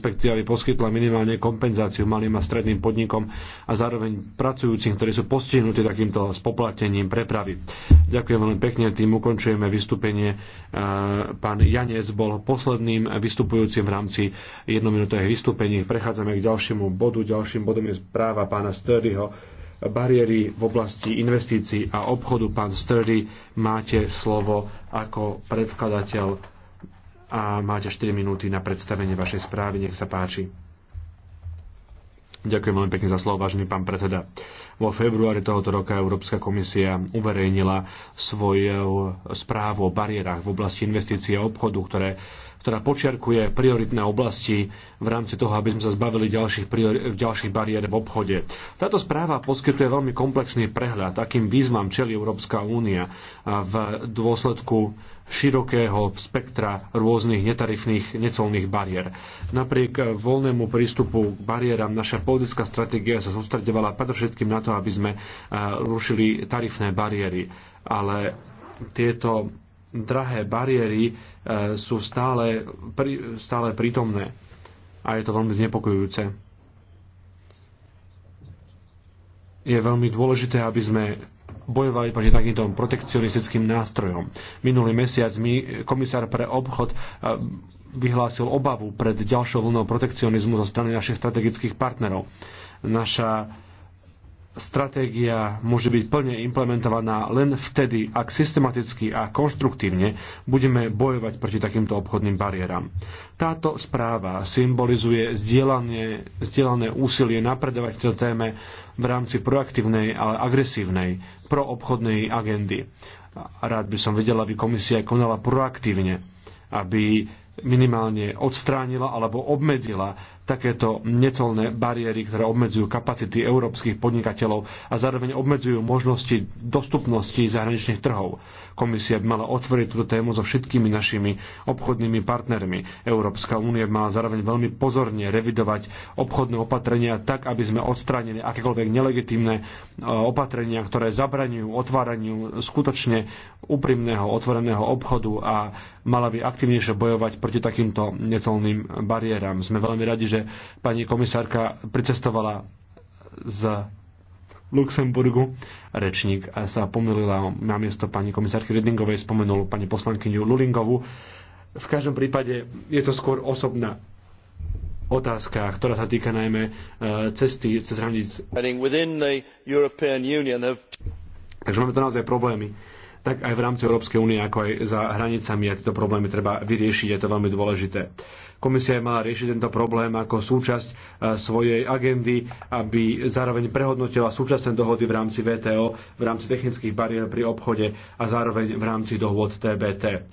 inšpekcia by poskytla minimálne kompenzáciu malým a stredným podnikom a zároveň pracujúcim, ktorí sú postihnutí takýmto spoplatením prepravy. Ďakujem veľmi pekne, tým ukončujeme vystúpenie. E, pán Janec bol posledným vystupujúcim v rámci jednominútových vystúpení. Prechádzame k ďalšiemu bodu. Ďalším bodom je správa pána Sturdyho bariéry v oblasti investícií a obchodu. Pán Sturdy, máte slovo ako predkladateľ a máte 4 minúty na predstavenie vašej správy. Nech sa páči. Ďakujem veľmi pekne za slovo, vážený pán predseda. Vo februári tohoto roka Európska komisia uverejnila svoju správu o bariérach v oblasti investície a obchodu, ktoré ktorá počiarkuje prioritné oblasti v rámci toho, aby sme sa zbavili ďalších, priori- ďalších bariér v obchode. Táto správa poskytuje veľmi komplexný prehľad, akým výzvam čeli Európska únia v dôsledku širokého spektra rôznych netarifných necolných bariér. Napriek voľnému prístupu k bariéram naša politická stratégia sa sústredovala predovšetkým na to, to, aby sme eh, rušili tarifné bariéry. Ale tieto drahé bariéry eh, sú stále, stále prítomné a je to veľmi znepokojujúce. Je veľmi dôležité, aby sme bojovali proti takýmto protekcionistickým nástrojom. Minulý mesiac mi komisár pre obchod eh, vyhlásil obavu pred ďalšou vlnou protekcionizmu zo strany našich strategických partnerov. Naša stratégia môže byť plne implementovaná len vtedy, ak systematicky a konštruktívne budeme bojovať proti takýmto obchodným bariéram. Táto správa symbolizuje zdieľané úsilie napredovať v tejto téme v rámci proaktívnej, ale agresívnej proobchodnej agendy. Rád by som vedela, aby komisia konala proaktívne, aby minimálne odstránila alebo obmedzila takéto necolné bariéry, ktoré obmedzujú kapacity európskych podnikateľov a zároveň obmedzujú možnosti dostupnosti zahraničných trhov. Komisia by mala otvoriť túto tému so všetkými našimi obchodnými partnermi. Európska únia by mala zároveň veľmi pozorne revidovať obchodné opatrenia tak, aby sme odstránili akékoľvek nelegitímne e, opatrenia, ktoré zabraňujú otváraniu skutočne úprimného otvoreného obchodu a mala by aktivnejšie bojovať proti takýmto necelným bariéram. Sme veľmi radi, že pani komisárka pricestovala z Luxemburgu. Rečník sa na namiesto pani komisárky Redingovej, spomenul pani poslankyňu Lulingovu. V každom prípade je to skôr osobná otázka, ktorá sa týka najmä e, cesty cez hranic. Takže máme to naozaj problémy tak aj v rámci Európskej únie, ako aj za hranicami a tieto problémy treba vyriešiť, je to veľmi dôležité. Komisia mala riešiť tento problém ako súčasť e, svojej agendy, aby zároveň prehodnotila súčasné dohody v rámci VTO, v rámci technických bariér pri obchode a zároveň v rámci dohôd TBT.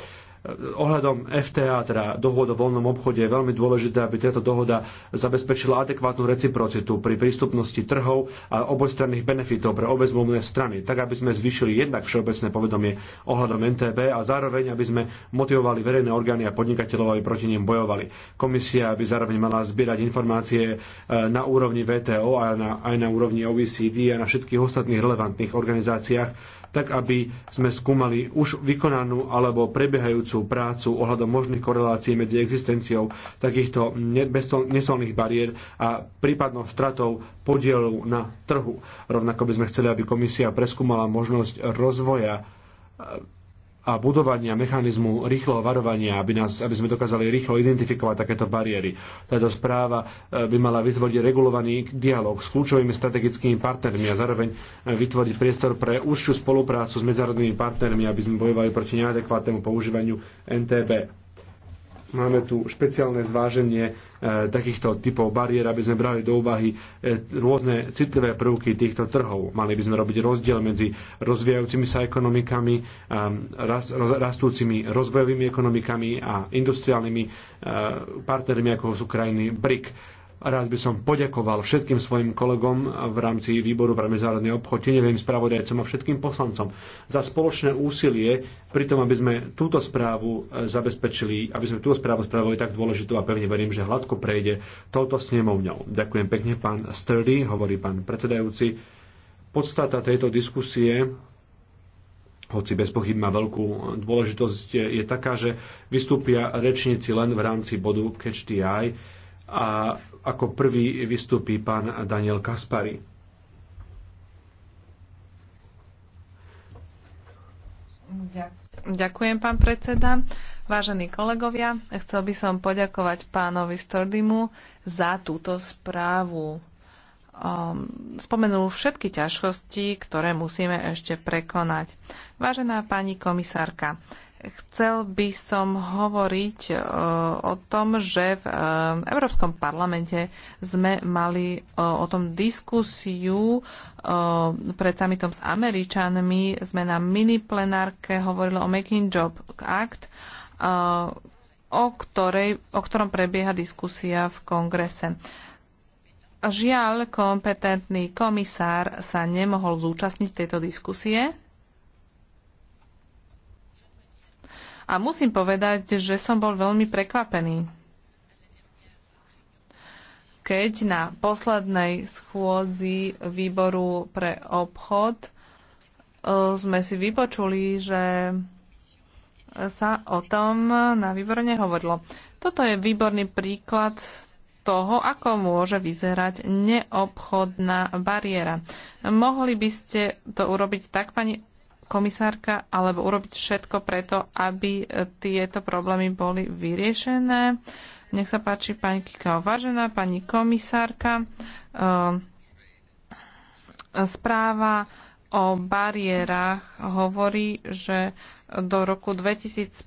E, ohľadom FTA, teda dohod o voľnom obchode, je veľmi dôležité, aby táto dohoda zabezpečila adekvátnu reciprocitu pri prístupnosti trhov a obojstranných benefitov pre obe zmluvné strany, tak aby sme zvýšili jednak všeobecné povedomie ohľadom NTB a zároveň, aby sme motivovali verejné orgány a podnikateľov, aby proti nim bojovali. Komisia by zároveň mala zbierať informácie e, na úrovni VTO a na, aj na úrovni OECD a na všetkých ostatných relevantných organizáciách, tak aby sme skúmali už vykonanú alebo prebiehajúcu prácu ohľadom možných korelácií medzi existenciou takýchto nesolných bariér a prípadnou stratou podielu na trhu. Rovnako by sme chceli, aby komisia preskúmala možnosť rozvoja a budovania mechanizmu rýchleho varovania, aby, nás, aby sme dokázali rýchlo identifikovať takéto bariéry. Táto správa e, by mala vytvoriť regulovaný dialog s kľúčovými strategickými partnermi a zároveň e, vytvoriť priestor pre užšiu spoluprácu s medzinárodnými partnermi, aby sme bojovali proti neadekvátnemu používaniu NTB. Máme tu špeciálne zváženie e, takýchto typov bariér, aby sme brali do úvahy e, rôzne citlivé prvky týchto trhov. Mali by sme robiť rozdiel medzi rozvíjajúcimi sa ekonomikami, e, rastúcimi rozvojovými ekonomikami a industriálnymi partnermi, ako sú krajiny BRIC Rád by som poďakoval všetkým svojim kolegom v rámci výboru pre medzinárodný obchod, tenevým spravodajcom a všetkým poslancom za spoločné úsilie pri tom, aby sme túto správu eh, zabezpečili, aby sme túto správu spravili tak dôležitú a pevne verím, že hladko prejde touto snemovňou. Ďakujem pekne, pán Sturdy, hovorí pán predsedajúci. Podstata tejto diskusie hoci bez pochyb má veľkú dôležitosť, eh, je taká, že vystúpia rečníci len v rámci bodu Catch the Eye a ako prvý vystúpi pán Daniel Kaspari. Ďakujem, pán predseda. Vážení kolegovia, chcel by som poďakovať pánovi Stordimu za túto správu. Um, spomenul všetky ťažkosti, ktoré musíme ešte prekonať. Vážená pani komisárka, Chcel by som hovoriť e, o tom, že v e, Európskom parlamente sme mali e, o tom diskusiu pred samitom s Američanmi. Sme na mini plenárke hovorili o Making Job Act, o, ktorej, o ktorom prebieha diskusia v kongrese. Žiaľ, kompetentný komisár sa nemohol zúčastniť tejto diskusie, A musím povedať, že som bol veľmi prekvapený, keď na poslednej schôdzi výboru pre obchod e, sme si vypočuli, že sa o tom na výbore nehovorilo. Toto je výborný príklad toho, ako môže vyzerať neobchodná bariéra. Mohli by ste to urobiť tak, pani komisárka, alebo urobiť všetko preto, aby e, tieto problémy boli vyriešené. Nech sa páči, pani Kikao, vážená pani komisárka. E, správa o bariérach hovorí, že do roku 2015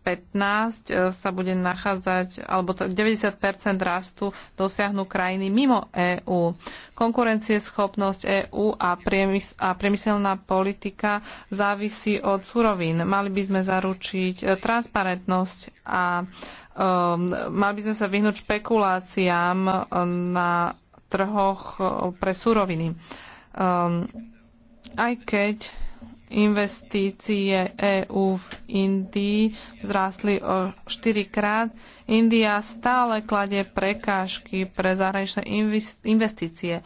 e, sa bude nachádzať, alebo 90 rastu dosiahnu krajiny mimo EÚ. Konkurencieschopnosť EÚ a, priemys- a priemyselná politika závisí od surovín. Mali by sme zaručiť e, transparentnosť a um, mali by sme sa vyhnúť špekuláciám e, na trhoch pre suroviny. Um, aj keď investície EÚ v Indii vzrástli o 4 krát. India stále kladie prekážky pre zahraničné investície.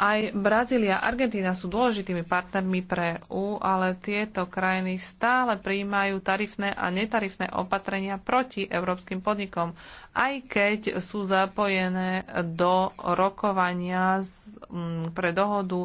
Aj Brazília a Argentína sú dôležitými partnermi pre EÚ, ale tieto krajiny stále prijímajú tarifné a netarifné opatrenia proti európskym podnikom, aj keď sú zapojené do rokovania pre dohodu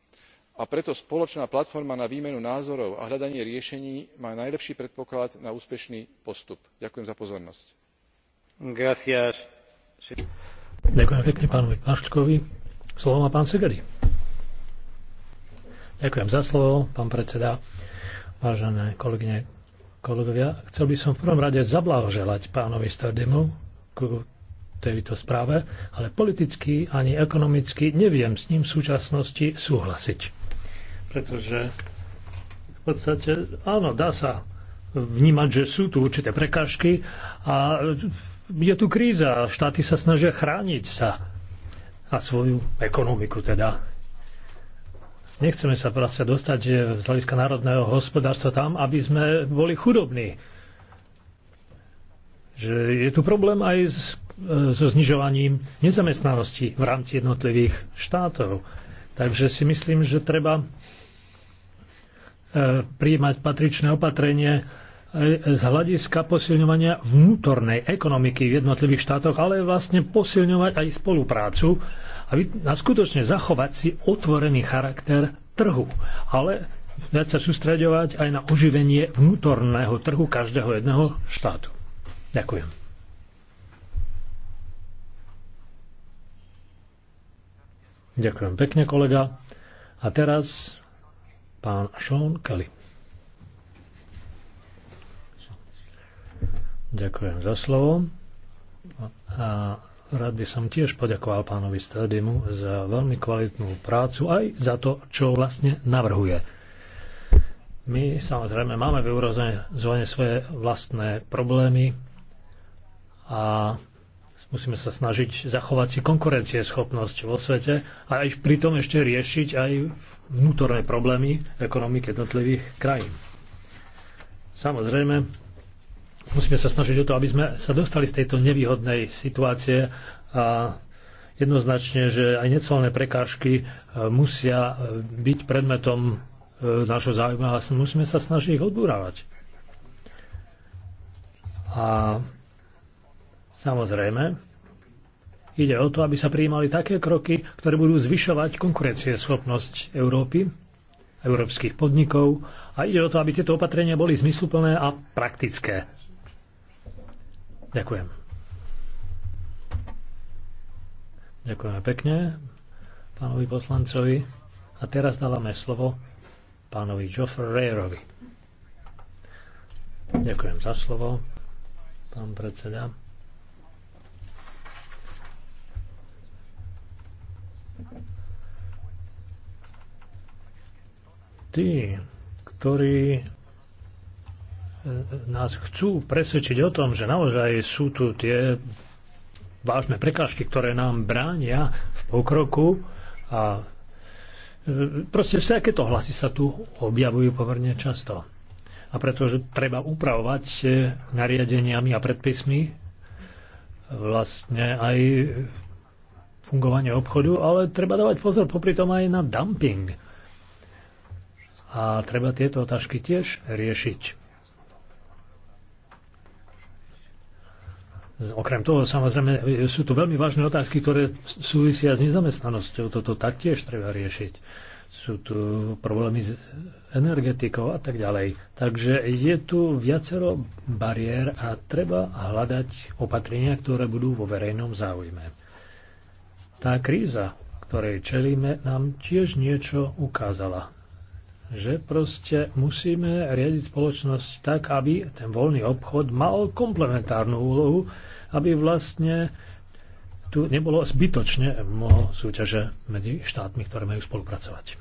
a preto spoločná platforma na výmenu názorov a hľadanie riešení má najlepší predpoklad na úspešný postup. ďakujem za pozornosť. Ďakujem pekne pánovi Slovo má pán Ďakujem za slovo, pán predseda. kolegovia, chcel by som v prvom rade zablahoželať pánovi Stardemu ku tejto správe, ale politicky ani ekonomicky neviem s ním v súčasnosti súhlasiť pretože v podstate áno, dá sa vnímať, že sú tu určité prekážky a je tu kríza. Štáty sa snažia chrániť sa a svoju ekonomiku teda. Nechceme sa práce dostať eh, z hľadiska národného hospodárstva tam, aby sme boli chudobní. Že je tu problém aj s, eh, so znižovaním nezamestnanosti v rámci jednotlivých štátov. Takže si myslím, že treba príjmať patričné opatrenie e, z hľadiska posilňovania vnútornej ekonomiky v jednotlivých štátoch, ale vlastne posilňovať aj spoluprácu a skutočne zachovať si otvorený charakter trhu. Ale viac sa sústreďovať aj na oživenie vnútorného trhu každého jedného štátu. Ďakujem. Ďakujem pekne, kolega. A teraz pán Sean Kelly. Ďakujem za slovo. A rád by som tiež poďakoval pánovi Stredimu za veľmi kvalitnú prácu aj za to, čo vlastne navrhuje. My samozrejme máme v eurozóne svoje vlastné problémy a Musíme sa snažiť zachovať si konkurencieschopnosť vo svete a aj pritom ešte riešiť aj vnútorné problémy ekonomik jednotlivých krajín. Samozrejme, musíme sa snažiť o to, aby sme sa dostali z tejto nevýhodnej situácie a jednoznačne, že aj necolné prekážky e, musia e, byť predmetom e, nášho záujmu a musíme sa snažiť ich odbúravať. A Samozrejme, ide o to, aby sa prijímali také kroky, ktoré budú zvyšovať konkurencieschopnosť Európy, európskych podnikov a ide o to, aby tieto opatrenia boli zmysluplné a praktické. Ďakujem. Ďakujeme pekne pánovi poslancovi. A teraz dávame slovo pánovi Joffreyerovi. Ďakujem za slovo, pán predseda. tí, ktorí e, nás chcú presvedčiť o tom, že naozaj sú tu tie vážne prekážky, ktoré nám bránia v pokroku a e, proste takéto hlasy sa tu objavujú pomerne často. A pretože treba upravovať e, nariadeniami a predpismi, vlastne aj fungovanie obchodu, ale treba dávať pozor popri tom aj na dumping a treba tieto otázky tiež riešiť. Okrem toho, samozrejme, sú tu veľmi vážne otázky, ktoré súvisia s nezamestnanosťou. Toto taktiež treba riešiť. Sú tu problémy s energetikou a tak ďalej. Takže je tu viacero bariér a treba hľadať opatrenia, ktoré budú vo verejnom záujme. Tá kríza, ktorej čelíme, nám tiež niečo ukázala že proste musíme riadiť spoločnosť tak, aby ten voľný obchod mal komplementárnu úlohu, aby vlastne tu nebolo zbytočne mnoho súťaže medzi štátmi, ktoré majú spolupracovať.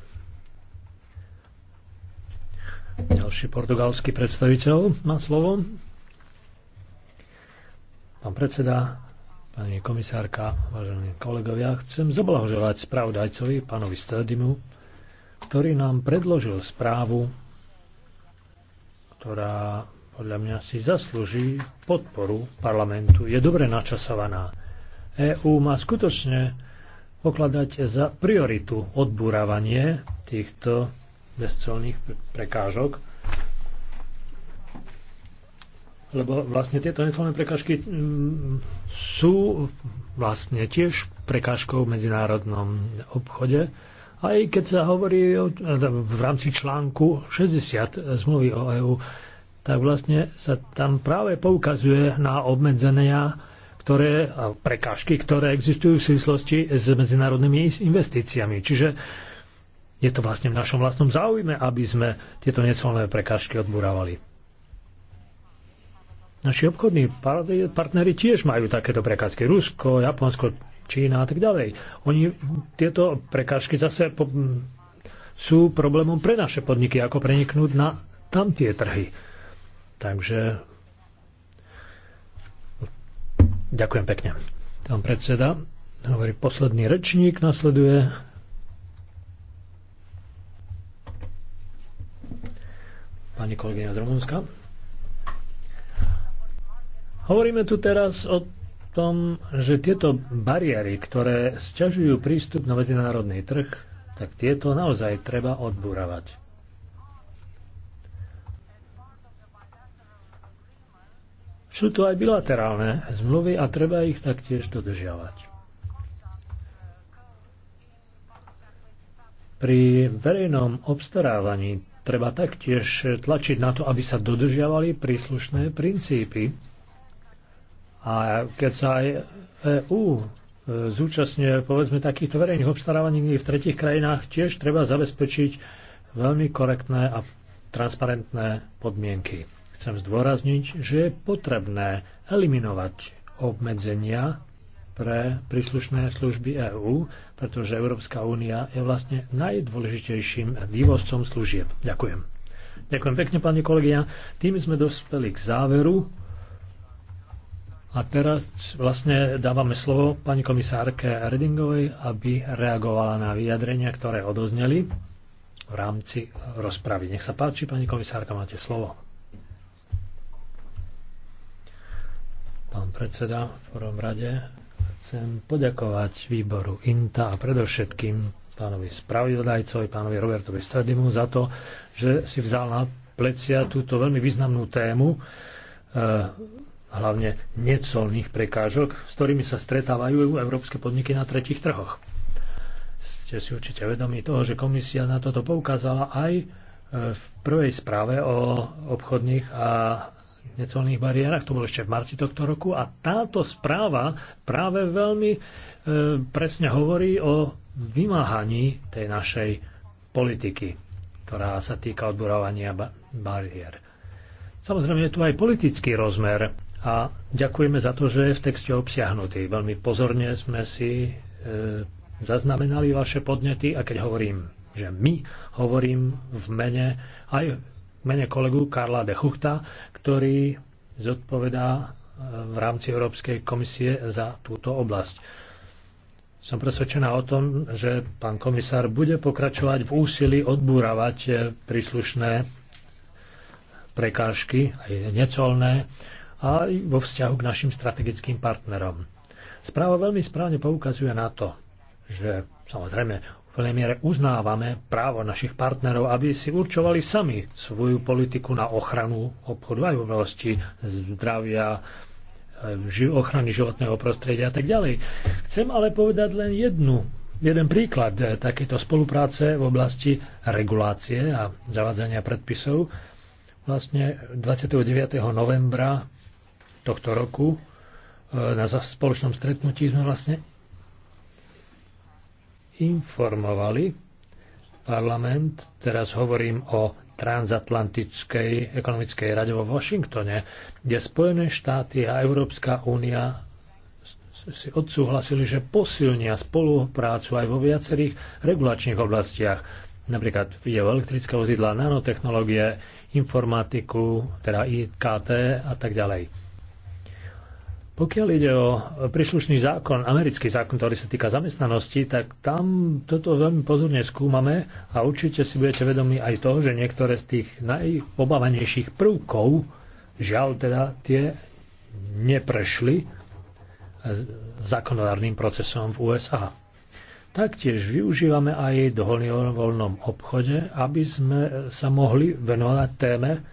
Ďalší portugalský predstaviteľ má slovo. Pán predseda, pani komisárka, vážení kolegovia, chcem zablahoželať spravodajcovi, pánovi Stredimu, ktorý nám predložil správu, ktorá podľa mňa si zaslúži podporu parlamentu. Je dobre načasovaná. EÚ má skutočne pokladať za prioritu odbúravanie týchto bezcelných prekážok, lebo vlastne tieto necelné prekážky mm, sú vlastne tiež prekážkou v medzinárodnom obchode aj keď sa hovorí o, teda v rámci článku 60 zmluvy o EÚ, tak vlastne sa tam práve poukazuje na obmedzenia ktoré, a prekážky, ktoré existujú v súvislosti s medzinárodnými investíciami. Čiže je to vlastne v našom vlastnom záujme, aby sme tieto necelné prekážky odburávali. Naši obchodní partnery tiež majú takéto prekážky. Rusko, Japonsko, Čína a tak ďalej. Oni tieto prekážky zase po, sú problémom pre naše podniky, ako preniknúť na tamtie trhy. Takže ďakujem pekne. Tam predseda, hovorí posledný rečník, nasleduje pani kolegyňa z Rumunska. Hovoríme tu teraz o tom, že tieto bariéry, ktoré sťažujú prístup na medzinárodný trh, tak tieto naozaj treba odburavať. Sú tu aj bilaterálne zmluvy a treba ich taktiež dodržiavať. Pri verejnom obstarávaní treba taktiež tlačiť na to, aby sa dodržiavali príslušné princípy a keď sa aj EU e, zúčastňuje povedzme takýchto verejných obstarávaní v tretich krajinách, tiež treba zabezpečiť veľmi korektné a transparentné podmienky. Chcem zdôrazniť, že je potrebné eliminovať obmedzenia pre príslušné služby EÚ, pretože Európska únia je vlastne najdôležitejším vývozcom služieb. Ďakujem. Ďakujem pekne, pani kolegyňa. Tým sme dospeli k záveru a teraz vlastne dávame slovo pani komisárke Redingovej, aby reagovala na vyjadrenia, ktoré odozneli v rámci rozpravy. Nech sa páči, pani komisárka, máte slovo. Pán predseda, v prvom rade chcem poďakovať výboru INTA a predovšetkým pánovi spravodajcovi, pánovi Robertovi Stradimu za to, že si vzal na plecia túto veľmi významnú tému eh, hlavne necolných prekážok, s ktorými sa stretávajú európske podniky na tretich trhoch. Ste si určite vedomi toho, že komisia na toto poukázala aj e, v prvej správe o obchodných a necolných bariérach, to bolo ešte v marci tohto roku, a táto správa práve veľmi e, presne hovorí o vymáhaní tej našej politiky, ktorá sa týka odburávania bariér. Samozrejme je tu aj politický rozmer a ďakujeme za to, že je v texte obsiahnutý. Veľmi pozorne sme si e, zaznamenali vaše podnety a keď hovorím, že my hovorím v mene aj v mene kolegu Karla de Huchta, ktorý zodpovedá e, v rámci Európskej komisie za túto oblasť. Som presvedčená o tom, že pán komisár bude pokračovať v úsilí odbúravať e, príslušné prekážky, aj necolné, a aj vo vzťahu k našim strategickým partnerom. Správa veľmi správne poukazuje na to, že samozrejme v plnej miere uznávame právo našich partnerov, aby si určovali sami svoju politiku na ochranu obchodu aj v oblasti zdravia, ochrany životného prostredia a tak ďalej. Chcem ale povedať len jednu, jeden príklad takéto spolupráce v oblasti regulácie a zavádzania predpisov. Vlastne 29. novembra tohto roku e, na spoločnom stretnutí sme vlastne informovali parlament, teraz hovorím o transatlantickej ekonomickej rade vo Washingtone, kde Spojené štáty a Európska únia si odsúhlasili, že posilnia spoluprácu aj vo viacerých regulačných oblastiach. Napríklad ide o elektrické vozidla, nanotechnológie, informatiku, teda IKT a tak ďalej. Pokiaľ ide o príslušný zákon, americký zákon, ktorý sa týka zamestnanosti, tak tam toto veľmi pozorne skúmame a určite si budete vedomi aj toho, že niektoré z tých najobávanejších prvkov, žiaľ teda tie neprešli zákonodárnym procesom v USA. Taktiež využívame aj dohody o voľnom obchode, aby sme sa mohli venovať téme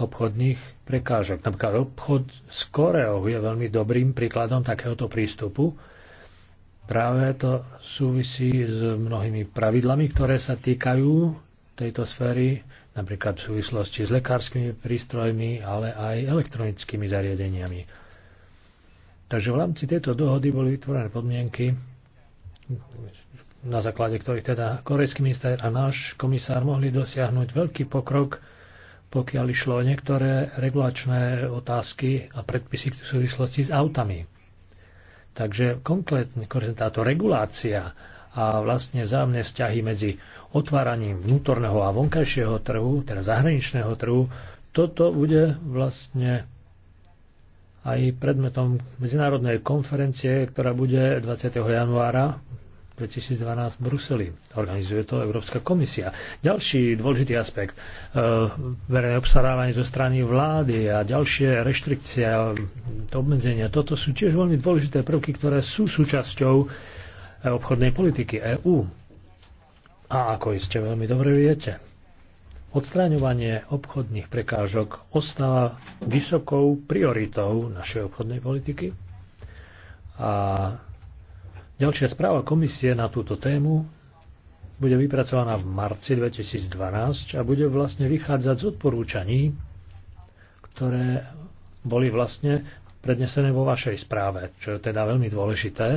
obchodných prekážok. Napríklad obchod s Koreou je veľmi dobrým príkladom takéhoto prístupu. Práve to súvisí s mnohými pravidlami, ktoré sa týkajú tejto sféry, napríklad v súvislosti s lekárskymi prístrojmi, ale aj elektronickými zariadeniami. Takže v rámci tejto dohody boli vytvorené podmienky, na základe ktorých teda korejský minister a náš komisár mohli dosiahnuť veľký pokrok pokiaľ išlo o niektoré regulačné otázky a predpisy v súvislosti s autami. Takže konkrétne táto regulácia a vlastne vzájomné vzťahy medzi otváraním vnútorného a vonkajšieho trhu, teda zahraničného trhu, toto bude vlastne aj predmetom medzinárodnej konferencie, ktorá bude 20. januára 2012 v Bruseli. Organizuje to Európska komisia. Ďalší dôležitý aspekt, e, verejné obstarávanie zo strany vlády a ďalšie reštrikcie a obmedzenia, toto sú tiež veľmi dôležité prvky, ktoré sú súčasťou e, obchodnej politiky EÚ. A ako iste veľmi dobre viete, odstráňovanie obchodných prekážok ostáva vysokou prioritou našej obchodnej politiky a Ďalšia správa komisie na túto tému bude vypracovaná v marci 2012 a bude vlastne vychádzať z odporúčaní, ktoré boli vlastne prednesené vo vašej správe, čo je teda veľmi dôležité,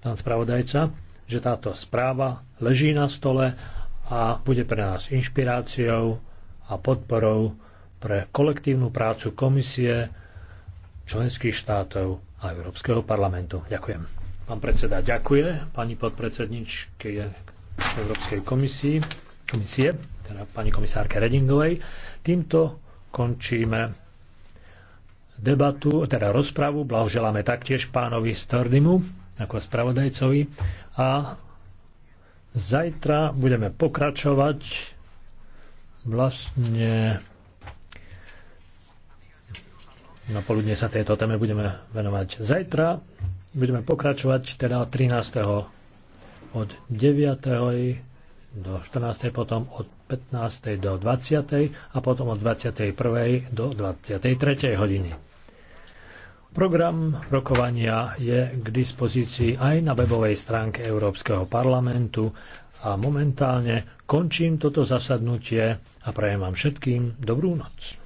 pán spravodajca, že táto správa leží na stole a bude pre nás inšpiráciou a podporou pre kolektívnu prácu komisie, členských štátov a Európskeho parlamentu. Ďakujem. Pán predseda ďakuje pani podpredsedničke Európskej komisii, komisie, teda pani komisárke Redingovej. Týmto končíme debatu, teda rozpravu. Blahoželáme taktiež pánovi Stordimu ako spravodajcovi a zajtra budeme pokračovať vlastne na poludne sa tejto téme budeme venovať zajtra. Budeme pokračovať teda 13. od 9. do 14. potom od 15. do 20. a potom od 21. do 23. hodiny. Program rokovania je k dispozícii aj na webovej stránke Európskeho parlamentu a momentálne končím toto zasadnutie a prajem vám všetkým dobrú noc.